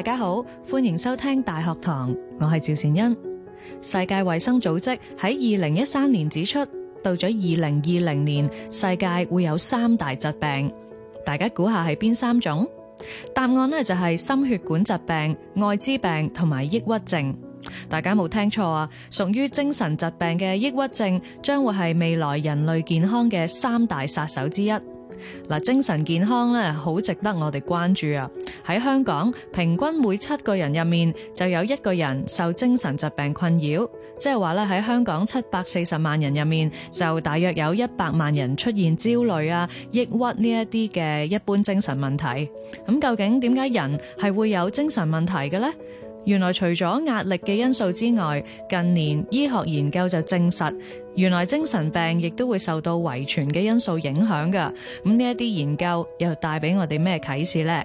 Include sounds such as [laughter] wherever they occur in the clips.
大家好，歡迎收聽大學堂，我係趙善恩。世界衛生組織喺2013年指出，到咗2020年，世界會有三大疾病。大家估下係邊三種？答案呢就係心血管疾病、愛滋病同埋抑鬱症。大家冇聽錯啊，屬於精神疾病嘅抑鬱症，將會係未來人類健康嘅三大殺手之一。嗱，精神健康咧，好值得我哋關注啊！喺香港，平均每七個人入面就有一個人受精神疾病困擾，即係話咧，喺香港七百四十萬人入面，就大約有一百萬人出現焦慮啊、抑鬱呢一啲嘅一般精神問題。咁究竟點解人係會有精神問題嘅呢？原來除咗壓力嘅因素之外，近年醫學研究就證實。原來精神病亦都會受到遺傳嘅因素影響噶，咁呢一啲研究又帶俾我哋咩啟示呢？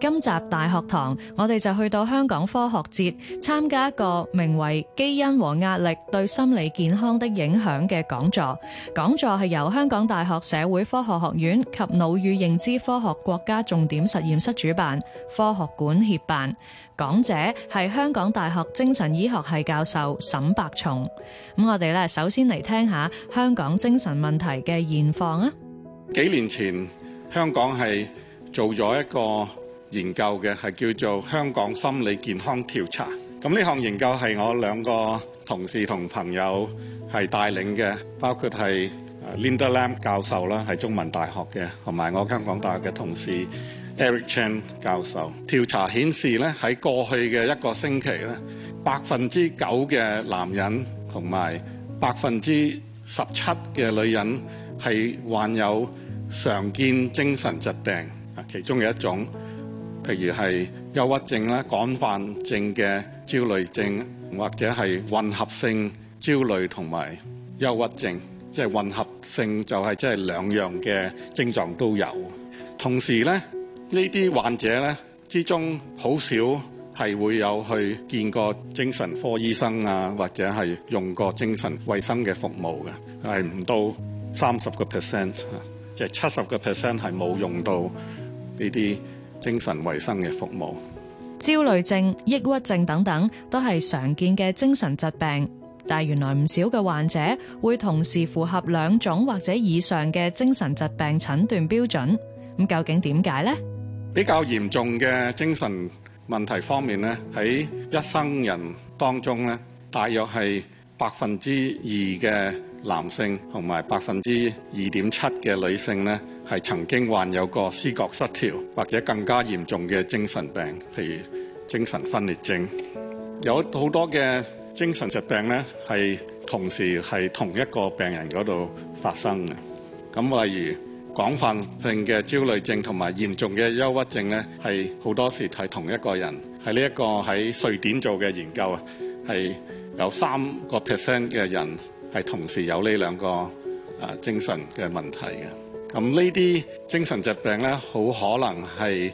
今集大學堂我哋就去到香港科學節參加一個名為《基因和壓力對心理健康的影響》嘅講座，講座係由香港大學社會科學學院及腦與認知科學國家重點實驗室主辦，科學館協辦。講者係香港大學精神醫學系教授沈白松。咁我哋咧首先嚟。聽下香港精神問題嘅現況啊！幾年前香港係做咗一個研究嘅，係叫做《香港心理健康調查》。咁呢項研究係我兩個同事同朋友係帶領嘅，包括係 Linda Lam 教授啦，係中文大學嘅，同埋我香港大學嘅同事 Eric Chan 教授。調查顯示咧，喺過去嘅一個星期咧，百分之九嘅男人同埋。百分之十七嘅女人係患有常見精神疾病啊，其中嘅一種，譬如係憂鬱症啦、廣泛性嘅焦慮症，或者係混合性焦慮同埋憂鬱症，即係混合性就係即係兩樣嘅症狀都有。同時呢，呢啲患者呢之中好少。係會有去見過精神科醫生啊，或者係用過精神衞生嘅服務嘅，係唔到三十個 percent 啊，即係七十個 percent 係冇用到呢啲精神衞生嘅服務。焦慮症、抑鬱症等等都係常見嘅精神疾病，但係原來唔少嘅患者會同時符合兩種或者以上嘅精神疾病診斷標準。咁究竟點解呢？比較嚴重嘅精神問題方面咧，喺一生人當中咧，大約係百分之二嘅男性同埋百分之二點七嘅女性咧，係曾經患有個思覺失調或者更加嚴重嘅精神病，譬如精神分裂症。有好多嘅精神疾病咧，係同時係同一個病人嗰度發生嘅。咁話住。廣泛性嘅焦慮症同埋嚴重嘅憂鬱症咧，係好多時係同一個人。係呢一個喺瑞典做嘅研究，係有3%嘅人係同時有呢兩個精神嘅問題嘅。咁呢啲精神疾病咧，好可能係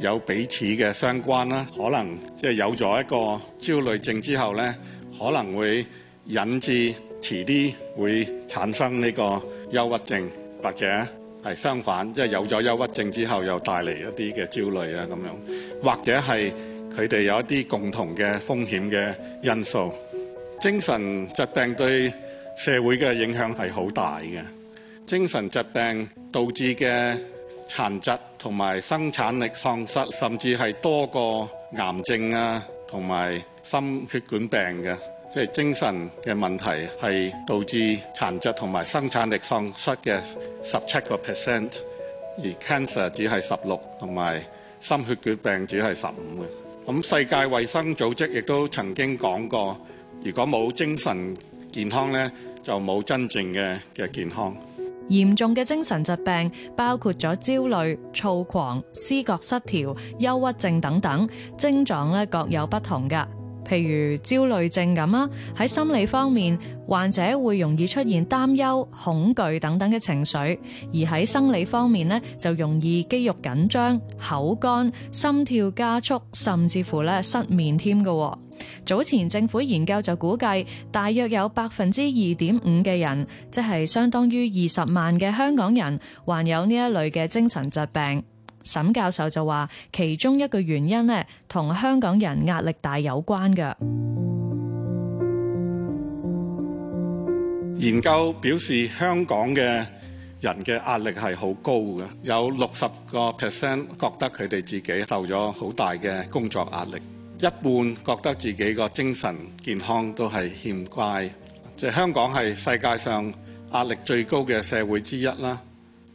有彼此嘅相關啦，可能即係有咗一個焦慮症之後咧，可能會引致，遲啲會產生呢個憂鬱症，或者係相反，即係有咗憂鬱症之後，又帶嚟一啲嘅焦慮啊咁樣，或者係佢哋有一啲共同嘅風險嘅因素。精神疾病對社會嘅影響係好大嘅，精神疾病導致嘅殘疾同埋生產力喪失，甚至係多過癌症啊同埋。心血管病嘅即係精神嘅問題，係導致殘疾同埋生產力喪失嘅十七個 percent，而 cancer 只係十六，同埋心血管病只係十五嘅。咁世界衞生組織亦都曾經講過，如果冇精神健康咧，就冇真正嘅嘅健康。嚴重嘅精神疾病包括咗焦慮、躁狂、思覺失調、憂鬱症等等症狀咧，各有不同嘅。譬如焦慮症咁啊，喺心理方面，患者會容易出現擔憂、恐懼等等嘅情緒；而喺生理方面呢就容易肌肉緊張、口乾、心跳加速，甚至乎咧失眠添嘅。早前政府研究就估計，大約有百分之二點五嘅人，即係相當於二十萬嘅香港人，患有呢一類嘅精神疾病。沈教授就話：其中一個原因咧，同香港人壓力大有關嘅。研究表示，香港嘅人嘅壓力係好高嘅，有六十個 percent 覺得佢哋自己受咗好大嘅工作壓力，一半覺得自己個精神健康都係欠佳。即係香港係世界上壓力最高嘅社會之一啦，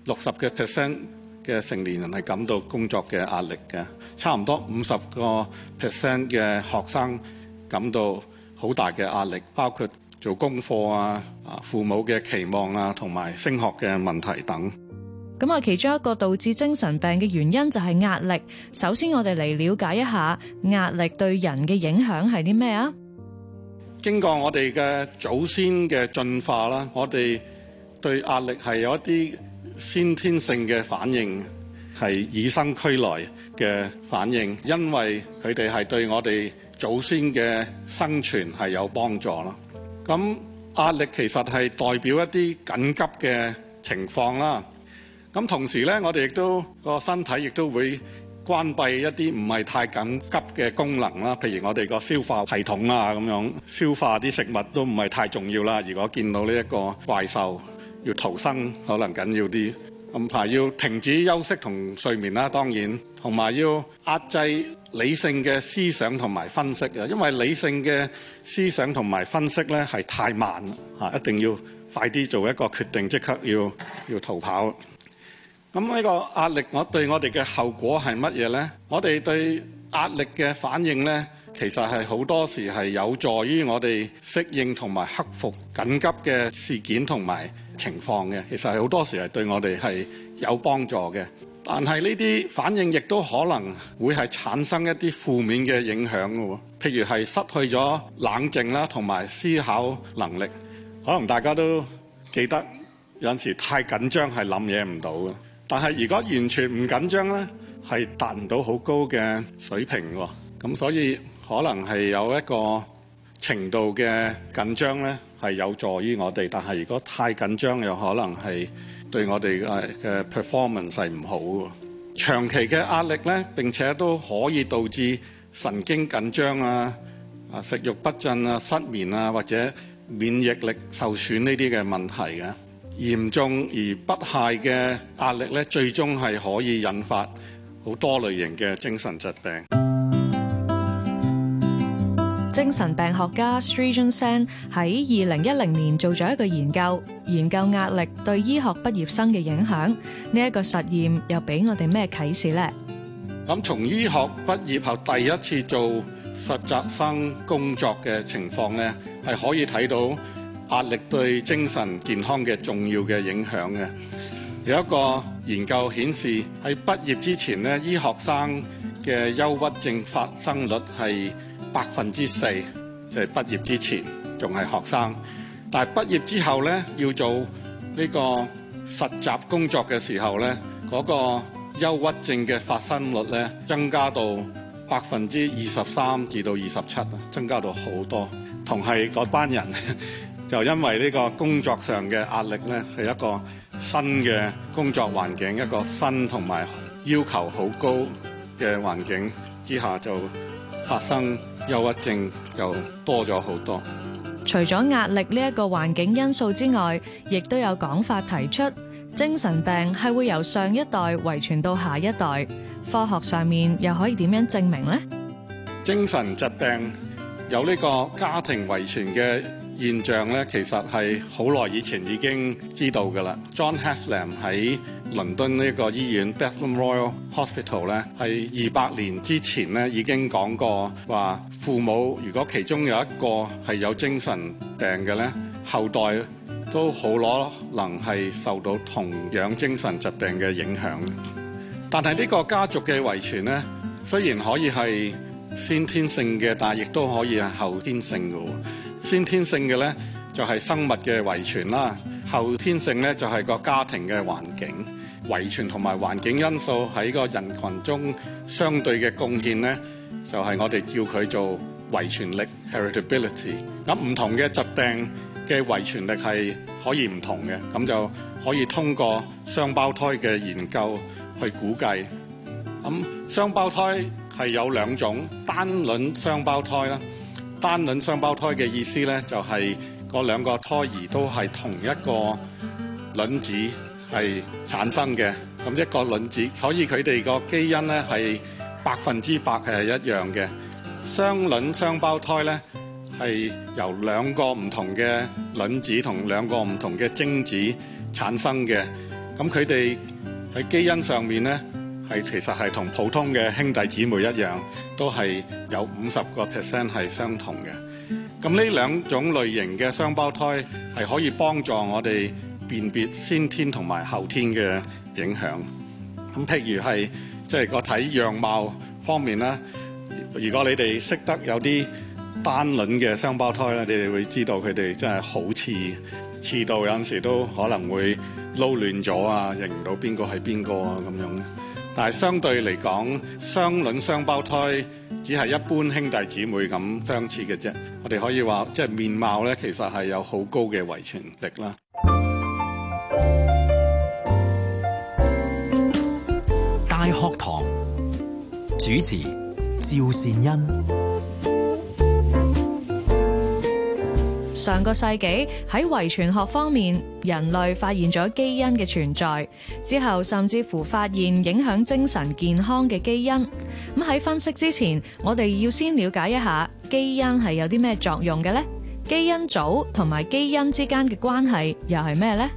六十嘅 percent，嘅成年人係感到工作嘅壓力嘅，差唔多五十個 percent 嘅學生感到好大嘅壓力，包括做功課啊、父母嘅期望啊，同埋升學嘅問題等。咁啊，其中一個導致精神病嘅原因就係壓力。首先，我哋嚟了解一下壓力對人嘅影響係啲咩啊？經過我哋嘅祖先嘅進化啦，我哋對壓力係有一啲。先天性嘅反應係與生俱來嘅反應，因為佢哋係對我哋祖先嘅生存係有幫助啦。咁壓力其實係代表一啲緊急嘅情況啦。咁同時呢，我哋亦都個身體亦都會關閉一啲唔係太緊急嘅功能啦，譬如我哋個消化系統啊咁樣，消化啲食物都唔係太重要啦。如果見到呢一個怪獸。要逃生可能緊要啲，咁啊要停止休息同睡眠啦。當然同埋要壓制理性嘅思想同埋分析啊，因為理性嘅思想同埋分析咧係太慢啊，一定要快啲做一個決定，即刻要要逃跑。咁呢個壓力我對我哋嘅後果係乜嘢咧？我哋對壓力嘅反應咧？其實係好多時係有助於我哋適應同埋克服緊急嘅事件同埋情況嘅。其實係好多時係對我哋係有幫助嘅。但係呢啲反應亦都可能會係產生一啲負面嘅影響嘅喎。譬如係失去咗冷靜啦，同埋思考能力。可能大家都記得有陣時太緊張係諗嘢唔到嘅。但係如果完全唔緊張呢，係達唔到好高嘅水平喎。咁所以。可能係有一個程度嘅緊張呢，係有助於我哋，但係如果太緊張，又可能係對我哋嘅嘅 performance 係唔好嘅。長期嘅壓力呢，並且都可以導致神經緊張啊、食慾不振啊、失眠啊，或者免疫力受損呢啲嘅問題嘅。嚴重而不懈嘅壓力呢，最終係可以引發好多類型嘅精神疾病。精神病學家 Streunsen 喺二零一零年做咗一個研究，研究壓力對醫學畢業生嘅影響。呢一個實驗又俾我哋咩啟示咧？咁從醫學畢業後第一次做實習生工作嘅情況咧，係可以睇到壓力對精神健康嘅重要嘅影響嘅。有一個研究顯示，喺畢業之前咧，醫學生嘅憂鬱症發生率係，百分之四，即係畢業之前仲係學生，但係畢業之後咧，要做呢個實習工作嘅時候咧，嗰個憂鬱症嘅發生率咧，增加到百分之二十三至到二十七啊，增加到好多。同係嗰班人就因為呢個工作上嘅壓力咧，係一個新嘅工作環境，一個新同埋要求好高嘅環境之下就發生。憂鬱症又多咗好多。除咗壓力呢一個環境因素之外，亦都有講法提出，精神病係會由上一代遺傳到下一代。科學上面又可以點樣證明呢？精神疾病有呢個家庭遺傳嘅現象咧，其實係好耐以前已經知道㗎喇。John Haslam 喺倫敦呢一個醫院 Bethlem Royal Hospital 咧，係二百年之前咧已經講過話：父母如果其中有一個係有精神病嘅咧，後代都好可能係受到同樣精神疾病嘅影響。但係呢個家族嘅遺傳咧，雖然可以係先天性嘅，但係亦都可以係後天性嘅。先天性嘅咧就係生物嘅遺傳啦，後天性咧就係個家庭嘅環境。遺傳同埋環境因素喺個人群中相對嘅貢獻咧，就係、是、我哋叫佢做遺傳力 Heritability。咁唔同嘅疾病嘅遺傳力係可以唔同嘅，咁就可以通過雙胞胎嘅研究去估計。咁雙胞胎係有兩種，單卵雙胞胎啦。單卵雙胞胎嘅意思呢，就係嗰兩個胎兒都係同一個卵子係產生嘅，咁一個卵子，所以佢哋個基因呢係百分之百係一樣嘅。雙卵雙胞胎呢，係由兩個唔同嘅卵子同兩個唔同嘅精子產生嘅，咁佢哋喺基因上面呢。係其實係同普通嘅兄弟姊妹一樣，都係有五十個 percent 係相同嘅。咁呢兩種類型嘅雙胞胎係可以幫助我哋辨別先天同埋後天嘅影響。咁譬如係即係個體樣貌方面咧，如果你哋識得有啲單卵嘅雙胞胎咧，你哋會知道佢哋真係好似，似到有陣時都可能會撈亂咗啊，認唔到邊個係邊個啊咁樣。但係相對嚟講，雙卵雙胞胎只係一般兄弟姊妹咁相似嘅啫。我哋可以話，即係面貌咧，其實係有好高嘅遺傳力啦。大學堂主持趙善恩。上個世紀喺遺傳學方面，人類發現咗基因嘅存在，之後甚至乎發現影響精神健康嘅基因。咁喺分析之前，我哋要先了解一下基因係有啲咩作用嘅呢？基因組同埋基因之間嘅關係又係咩呢？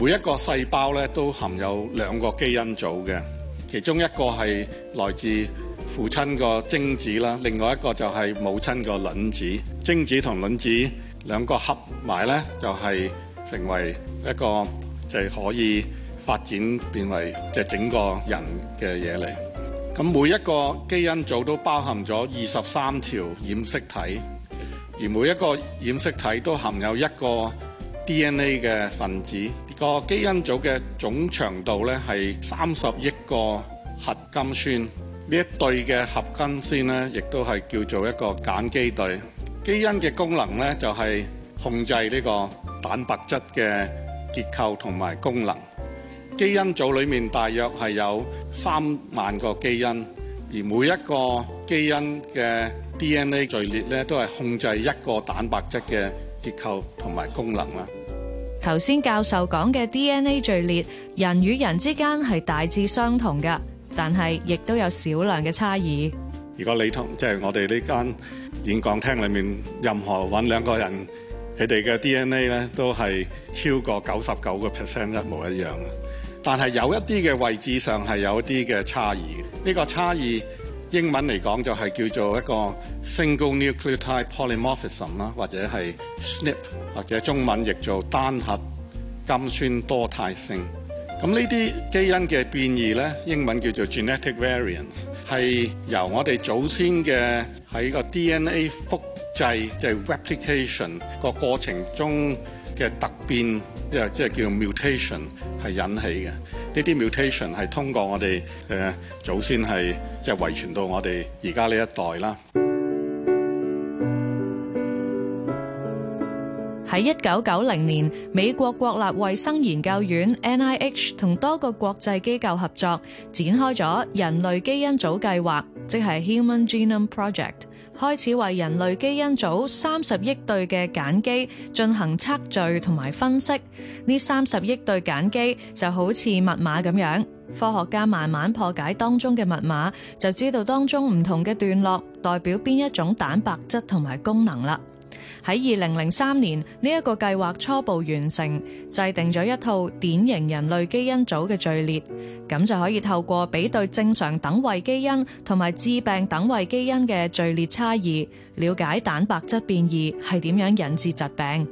每一個細胞咧都含有兩個基因組嘅，其中一個係來自父親個精子啦，另外一個就係母親個卵子。精子同卵子。兩個合埋呢就係成為一個就可以發展變為即係整個人嘅嘢嚟。咁每一個基因組都包含咗二十三條染色體，而每一個染色體都含有一個 DNA 嘅分子。個基因組嘅總長度呢係三十億個核苷酸。呢一對嘅核苷酸呢，亦都係叫做一個鹼基對。基因嘅功能咧，就係控制呢個蛋白質嘅結構同埋功能。基因組裏面大約係有三萬個基因，而每一個基因嘅 DNA 序列咧，都係控制一個蛋白質嘅結構同埋功能啦。頭先教授講嘅 DNA 序列，人與人之間係大致相同噶，但係亦都有少量嘅差異。如果你同，即係我哋呢間演講廳裏面任何揾兩個人，佢哋嘅 DNA 咧都係超過九十九個 percent 一模一樣啊！但係有一啲嘅位置上係有一啲嘅差異，呢個差異英文嚟講就係叫做一個 single nucleotide polymorphism 啦，或者係 SNP，或者中文譯做單核苷酸多態性。咁呢啲基因嘅變異咧，英文叫做 genetic variants，係由我哋祖先嘅喺個 DNA 複製，即係 replication 個過程中嘅突變，即係即係叫 mutation 係引起嘅。呢啲 mutation 係通過我哋誒祖先係即係遺傳到我哋而家呢一代啦。喺一九九零年，美國國立衛生研究院 （NIH） 同多個國際機構合作，展開咗人類基因組計劃，即係 Human Genome Project，開始為人類基因組三十億對嘅鹼基進行測序同埋分析。呢三十億對鹼基就好似密碼咁樣，科學家慢慢破解當中嘅密碼，就知道當中唔同嘅段落代表邊一種蛋白質同埋功能啦。喺二零零三年呢一個計劃初步完成，制定咗一套典型人類基因組嘅序列，咁就可以透過比對正常等位基因同埋致病等位基因嘅序列差異，了解蛋白質變異係點樣引致疾病。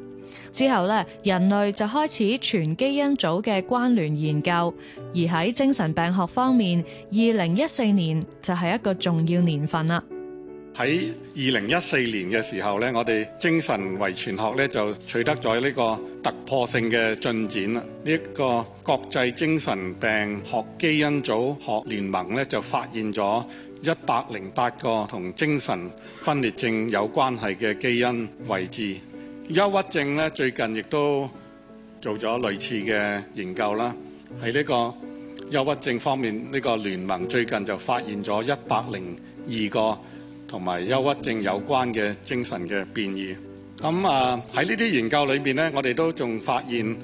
之後咧，人類就開始全基因組嘅關聯研究，而喺精神病學方面，二零一四年就係一個重要年份啦。喺二零一四年嘅時候咧，我哋精神遺傳學咧就取得咗呢個突破性嘅進展啦。呢一個國際精神病學基因組學聯盟咧就發現咗一百零八個同精神分裂症有關係嘅基因位置。憂鬱症咧最近亦都做咗類似嘅研究啦。喺呢個憂鬱症方面，呢個聯盟最近就發現咗一百零二個。同埋憂鬱症有關嘅精神嘅變異。咁啊，喺呢啲研究裏邊呢，我哋都仲發現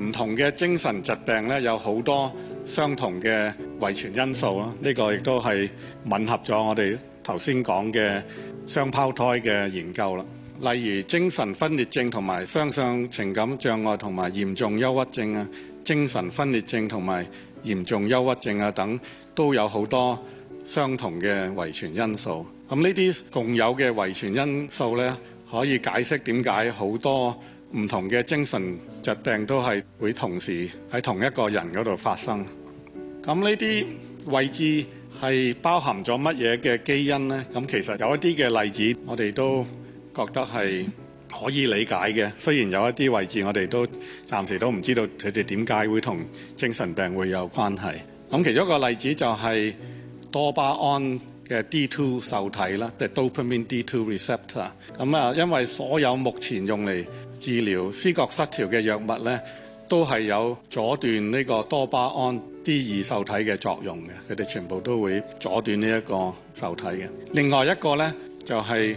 唔同嘅精神疾病呢，有好多相同嘅遺傳因素啦。呢個亦都係吻合咗我哋頭先講嘅雙胞胎嘅研究啦。例如精神分裂症同埋雙相情感障礙，同埋嚴重憂鬱症啊，精神分裂症同埋嚴重憂鬱症啊等，都有好多相同嘅遺傳因素。咁呢啲共有嘅遺傳因素呢，可以解釋點解好多唔同嘅精神疾病都係會同時喺同一個人嗰度發生。咁呢啲位置係包含咗乜嘢嘅基因呢？咁其實有一啲嘅例子，我哋都覺得係可以理解嘅。雖然有一啲位置，我哋都暫時都唔知道佢哋點解會同精神病會有關係。咁其中一個例子就係多巴胺。嘅 D2 受體啦，即係 dopamine D2 receptor。咁啊，因為所有目前用嚟治療思覺失調嘅藥物咧，都係有阻斷呢個多巴胺 D2 受體嘅作用嘅。它們全部都會阻斷這個受體的。另外一個呢，就是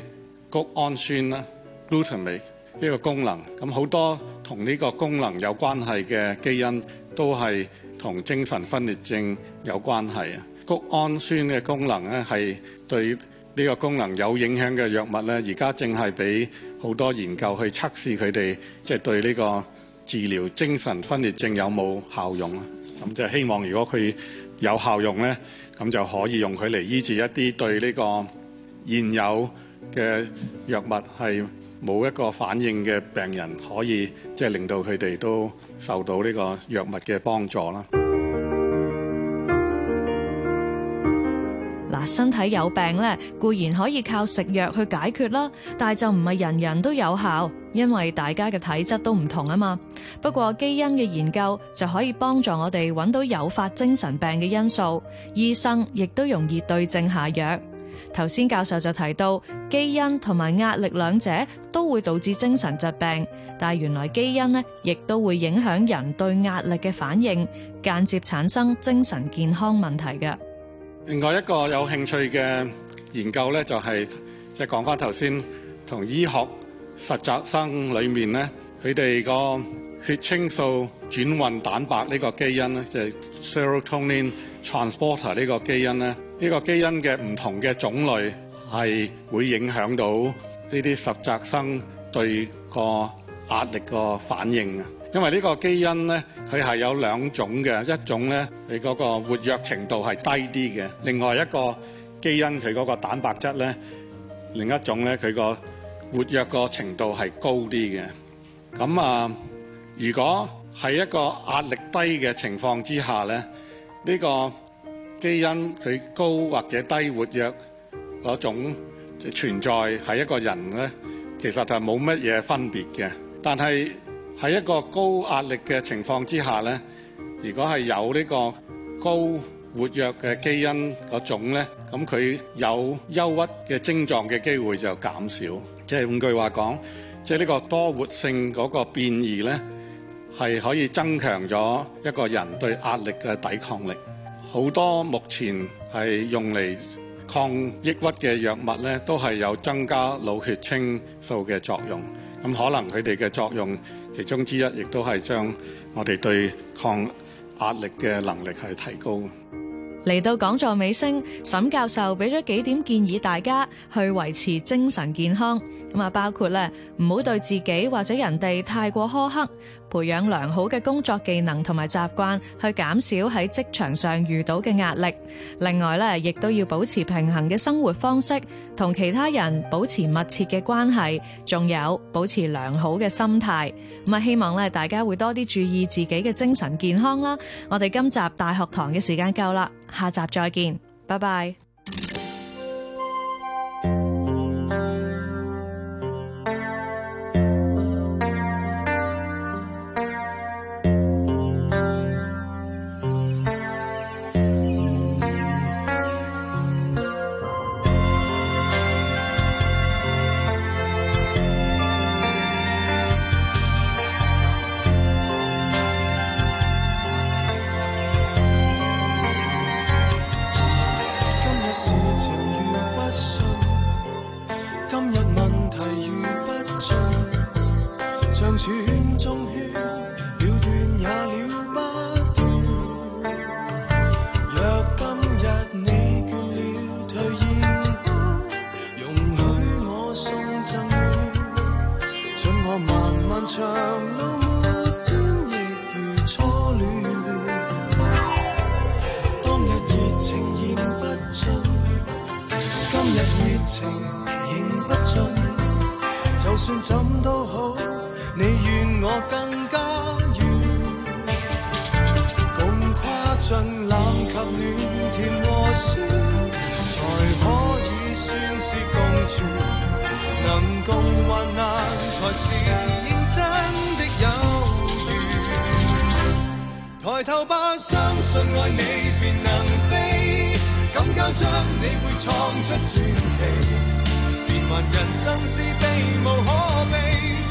谷氨酸啦，glutamate 呢個功能。谷氨酸嘅功能咧，係對呢個功能有影響嘅藥物咧，而家正係俾好多研究去測試佢哋，即係對呢個治療精神分裂症有冇效用啊。咁就希望如果佢有效用咧，咁就可以用佢嚟醫治一啲對呢個現有嘅藥物係冇一個反應嘅病人，可以即係令到佢哋都受到呢個藥物嘅幫助啦。身體有病咧，固然可以靠食藥去解決啦，但係就唔係人人都有效，因為大家嘅體質都唔同啊嘛。不過基因嘅研究就可以幫助我哋揾到誘發精神病嘅因素，醫生亦都容易對症下藥。頭先教授就提到，基因同埋壓力兩者都會導致精神疾病，但係原來基因呢亦都會影響人對壓力嘅反應，間接產生精神健康問題嘅。另外一個有興趣嘅研究呢、就是，就係講係講翻頭先同醫學實習生裏面呢，佢哋個血清素轉運蛋白呢個基因就係、是、Serotonin Transporter 呢個基因咧，呢、這個基因嘅唔同嘅種類係會影響到呢啲實習生對個壓力個反應的。因為呢個基因呢，佢係有兩種嘅，一種呢，佢嗰個活躍程度係低啲嘅；另外一個基因佢嗰個蛋白質呢，另一種呢，佢個活躍個程度係高啲嘅。咁啊，如果係一個壓力低嘅情況之下呢，呢個基因佢高或者低活躍嗰種存在係一個人呢，其實就冇乜嘢分別嘅，但係。喺一個高壓力嘅情況之下呢，如果係有呢個高活躍嘅基因嗰種咧，咁佢有憂鬱嘅症狀嘅機會就減少。即係換句話講，即係呢個多活性嗰個變異咧，係可以增強咗一個人對壓力嘅抵抗力。好多目前係用嚟抗抑鬱嘅藥物呢，都係有增加腦血清素嘅作用。咁可能佢哋嘅作用。其中之一，亦都係將我哋對抗壓力嘅能力係提高。嚟到講座尾聲，沈教授俾咗幾點建議大家去維持精神健康。咁啊，包括咧，唔好對自己或者人哋太過苛刻，培養良好嘅工作技能同埋習慣，去減少喺職場上遇到嘅壓力。另外咧，亦都要保持平衡嘅生活方式，同其他人保持密切嘅關係，仲有保持良好嘅心態。咁啊，希望咧大家會多啲注意自己嘅精神健康啦。我哋今集大學堂嘅時間夠啦。下集再見，拜拜。我更加遠，共跨進冷及暖，甜和酸，才可以算是共存。能共患難才是認真的友誼。 [music] 抬頭吧，相信愛你便能飛，敢交出你會創出傳奇。變幻人生是避無可避。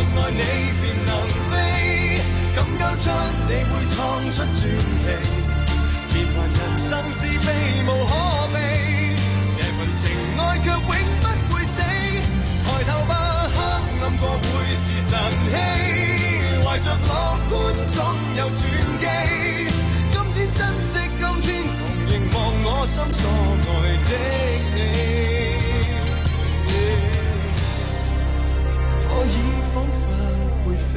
愛你便能飛，敢交出你會創出傳奇，變幻人生是非無可避，這份情愛卻永不會死。抬頭吧，黑暗過會是晨曦，懷着樂觀總有轉機。今天珍惜，今天紅顏望我心所愛的你。